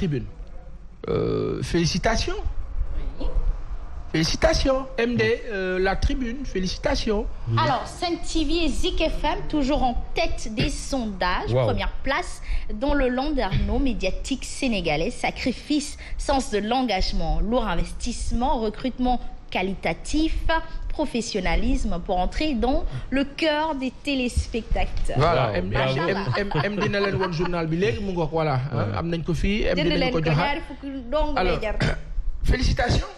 tribune euh, félicitations oui. félicitations MD euh, la tribune félicitations alors Sen TV et Zik FM toujours en tête des sondages première place dans le landerneau médiatique sénégalais sacrifice sens de l'engagement lourd investissement recrutement qualitatif, professionnalisme pour entrer dans le cœur des téléspectateurs. voilà M dina leen woon journal bi léegi mu ngoog voilà. am nañ ko fii M dina leen ko joxaat félicitations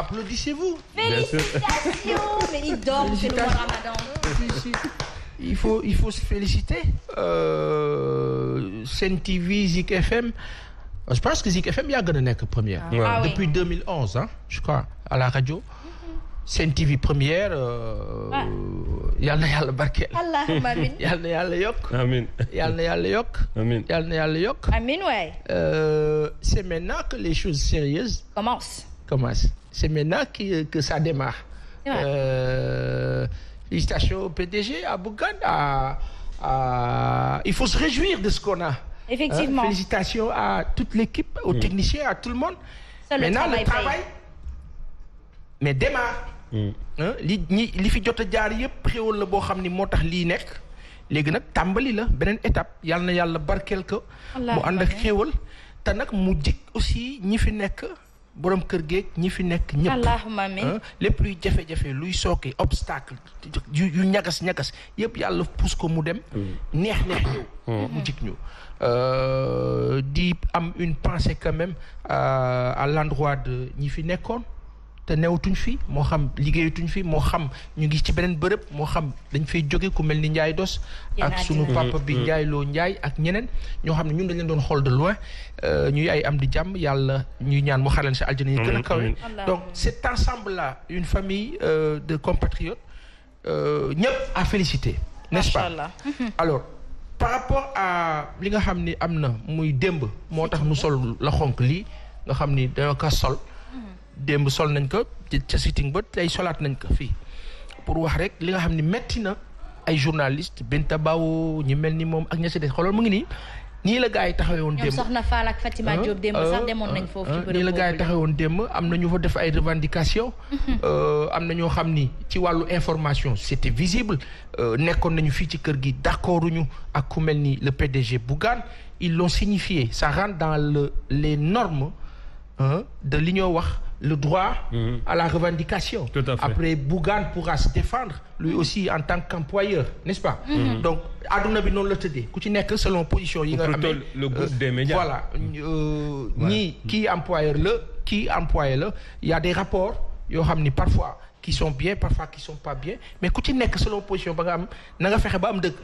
applaudissez-vous. félicitations mais il dort c'est le mois Ramadan. il faut il faut se féliciter. Euh, Sen TV Zik FM. je pense que Zik FM yàgg na nekk première. Ah, ah oui. depuis 2011 ah je crois à la radio. Mm-hmm. Sen TV première. Euh, ah. yal na yàlla barkeel. allahumma amiin yal na yàlla yokk. amiin yal na yàlla yokk. amiin yal na yàlla yokk. amiin waay. Euh, c'est maintenant que les choses sérieuses. commencent. commencent c'est maintenant que que ça démarre. Euh, félicitations au PDG à Bougane il faut se réjouir de ce qu'on a. effectivement félicitations tout toute l'équipe aux technicien mm. techniciens à tout le monde. Seul maintenant le travail, le mais démarre. Mm. li ñi li fi jot a jaar yëpp xéewal la boo xam ni moo tax lii nekk léegi nag tàmbali la beneen étape yal na yàlla barkeel ko. mu ànd ak xéwal te nag mu jik aussi ñi fi nekk. borom kër geeg ñi fi nekk ñëpp. allahumma ah, lépp luy jafe-jafe luy sooke obstacle yu yu ñagas ñagas yëpp yàlla pousse ko mu dem. Mm. neex neex ñëw. Mm. jig ñu euh, di am une pensée quand même à l'endroit de ñi fi nekkoon. te newtuñ fi moo xam liggéeyatuñ fii moo xam ñu ngi ci beneen bërëb moo xam dañ fay jóge ku mel ni Ndiaye Dos ak sunu papa bi mm-hmm. Ndiaye Loo ak ñeneen ñoo xam ne ñun dañ doon xool de loin euh, ñuy ay am di jàmm yàlla ñuy ñaan mu xaraleen si aljana yi gën a kawe donc cet ensemble là une famille euh, de compatriotes euh, ñëpp à féliciter n'est-ce pas alors par rapport à li nga xam ni am na muy démb moo tax nu sol la xonk lii nga xam ni dañoo ko sol mm-hmm. démb sol nañ ko ca sitting ba tey solaat nañ ko fii pour wax rek li nga xam ne metti na ay journaliste Binta Bawo ñi mel ni moom ak ña si des mu ngi nii nii la gars yi taxawoon démb soxna Fall ak Fatima ah, Diop démb ah, sax demoon nañ ah, foofu ci am na ñu fa def ay revendications. Mhm. Euh, am na ñoo xam ni ci wàllu information c'était visible euh, nekkoon nañu fii ci kër gi d'accorduñu ak ku mel ni le PDG Bougane ils l'ont signifié ça rentre dans le les normes de li ñoo wax le droit mmh. à la revendication. Tout à fait. Après, Bougane pourra se défendre, lui mm-hmm. aussi, en tant qu'employeur, n'est-ce pas mm-hmm. Mm-hmm. Donc, aduna bi noonu la tëddee ku ci nekk selon position yi nga amee le groupe euh, des médias. voilà ni euh, kii employeur la kii employé la y a des rapports yoo xam ni parfois qui sont bien parfois qui sont pas bien mais ku ci nekk selon position ba nga am na nga fexe ba am dëgg.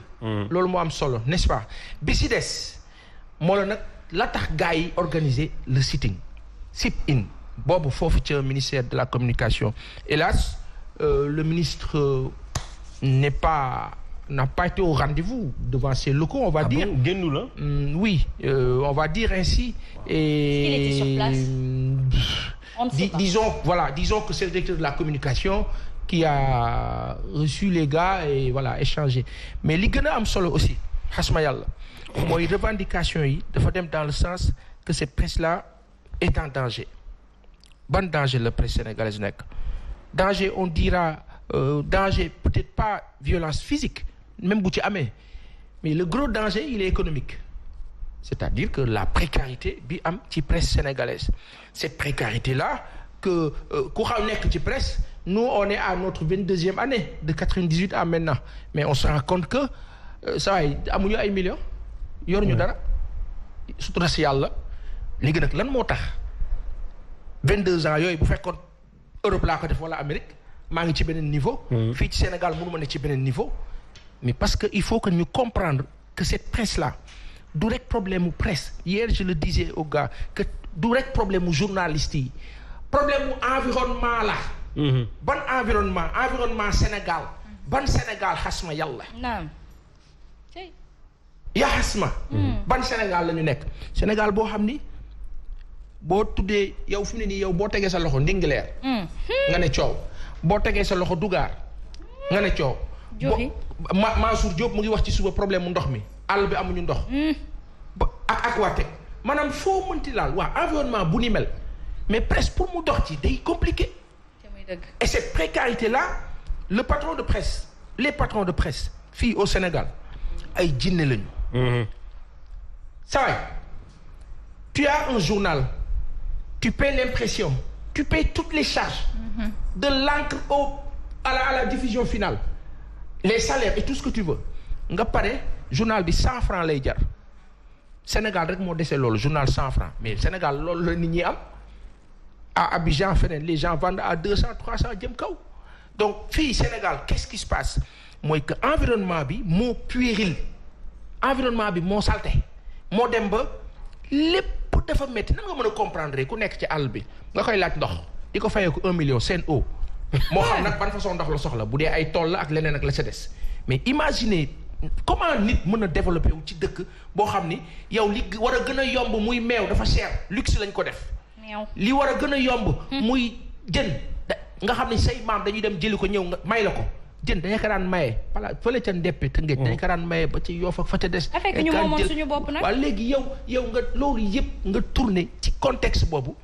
loolu moo am solo n'est-ce pas bi si des moo la nag la tax gars yi organiser le sitting boobu foofu ca ministère de la communication hélas euh, le ministre euh, n'est pas n'a pas été au rendez-vous devant ses locaux génnu la mmh, oui euh, on va dire ainsi disons que c'est le directeur de la communication qui a reçu les gars et voilà échangé mais li gën a am solo aussi xasma yàlla mooy revendication yi dafa dem dans le sens que cette presse là est en danger ban danger la presse sénégalaise nekk danger on dira euh, danger peut-être pas violence physique même bu ci amee mais le gros danger il est économique c'est-à-dire que la précarité bi am ci presse sénégalaise cette précarité là que euh, ku xaw nekk ci presse nous on est à notre vingt-deuxième année de quatre-vingt-dix-huit à maintenant mais on se rend compte que saa euh, yi amuñu ay millions yoruñu dara sutura si yàlla léegi nag lan moo tax 22 ans yooyu bu fekkoon Europe laa ko def wala Amérique maa ngi ci beneen niveau. Hmm. fii ci Sénégal mënu ma ne ci beneen niveau. mais parce que il faut que ñu comprendre que cette presse la du rek problème mu presse hier je le disais au gars que du rek problème mu journaliste yi problème mu environnement la. Hmm. ban environnement environnement Sénégal. Hmm. ban Sénégal xasma yàlla. naam. yaa xasma. ban Sénégal la ñu nekk Sénégal boo xam ni. boo tuddee yow fu mu ne nii yow boo tegee sa loxo ndingleer hmm. nga ne coow boo tegee sa loxo dugaar nga ne coow ma Mansour Diop mu ngi wax ci suba problème mu ndox mi àll bi amuñu ndox hmm. ak ak waate maanaam foo mënti laal waa environnement bu ni mel mais presse pour mu dox ci day compliqué et cette précarité la le patron de presse les patrons de presse fii au Sénégal ay jinne lañu. ça hmm. va tu un journal tu paies l'impression tu paies toutes les charges mm-hmm. de l'encre au à la, à la diffusion finale les salaires et tout ce que tu veux nga pare journal bi cent francs lay jar Sénégal rek moo desee loolu journal cent francs mais Sénégal loolu la nit ñi am a à Abidjan feneen les gens vendent à deux cent trois cent jëm kaw donc fii Sénégal qu'est-ce qui se passe mooy que environnement bi moo puéril environnement bi moo salte moo dem ba lépp bu dafa métti nan nga mën a comprendre ku nekk ci àll bi nga koy laaj ndox di ko fayee ko un million seen eau moo xam nag ban façon ndox la soxla bu dee ay tool la ak leneen ak la sa des mais imaginez comment nit mën a développer wu ci dëkk boo xam ni yow li war a gën a yomb muy meew dafa cher luxe lañ ko def. li war a gën a yomb. Hmm. muy jën. nga xam ne say maam dañuy dem jëli ko ñëw nga may la ko. jën dañu ko daan maye voilà fële ca ndeppe të ngej dañu daan maye ba ci yoof ak fa ca des waaw léegi yow nga loolu yëpp nga tourné ci contexte boobu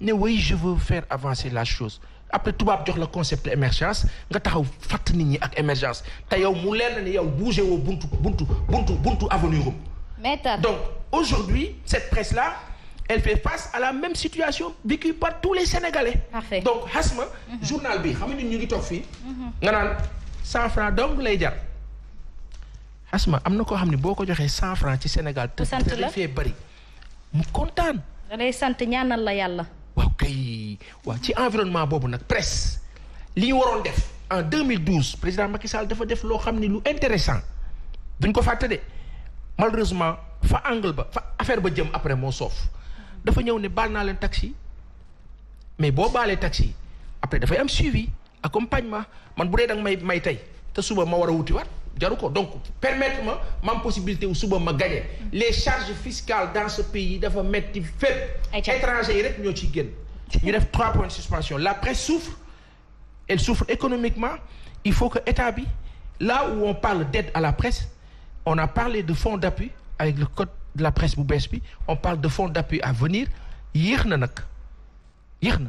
ne way je veux faire avancer la chose après tubaab jox la concept émergence nga taxaw fàtt nit ñi ak émergence te yow mu leer na ne yow bougé woo buntu buntu buntu buntu avenir um donc aujourd'hui cette presse la elle fait face à la même situation bi kii par tous les Sénégalais Parfait. donc xasma mm -hmm. journal bi xam ngi toog fii mhm. cent franc donc lay jar asma am na koo xam ne boo ko joxee cent franc ci Sénégal. te te bari mu kontaan. da sant ñaanal la yàlla. waaw kay waaw ci environnement boobu nag presse li ñu waroon def en 2012 président Macky Sall dafa def loo xam ne lu intéressant duñ ko fàtte de malheureusement fa angle ba fa affaire ba jëm après moo soof dafa ñëw ne baal naa leen taxi mais boo baalee taxi après dafay am suivi. accompagnement man bu dee da may may tey te suba ma war a wuti waat jaru ko donc permettre ma ma am possibilité wu suba ma gagné. Mm. les charges fiscale dans ce pays dafa metti fépp. étrangers yi rek ñoo ciy génn. ñu def trois points de suspension la presse souffre elle souffre économiquement il faut que état bi là où on parle d'aide à la presse on a parlé de fonds d'appui avec le code de la presse bu bees bi on parle de fonds d'appui à venir yéex na nag yéex na.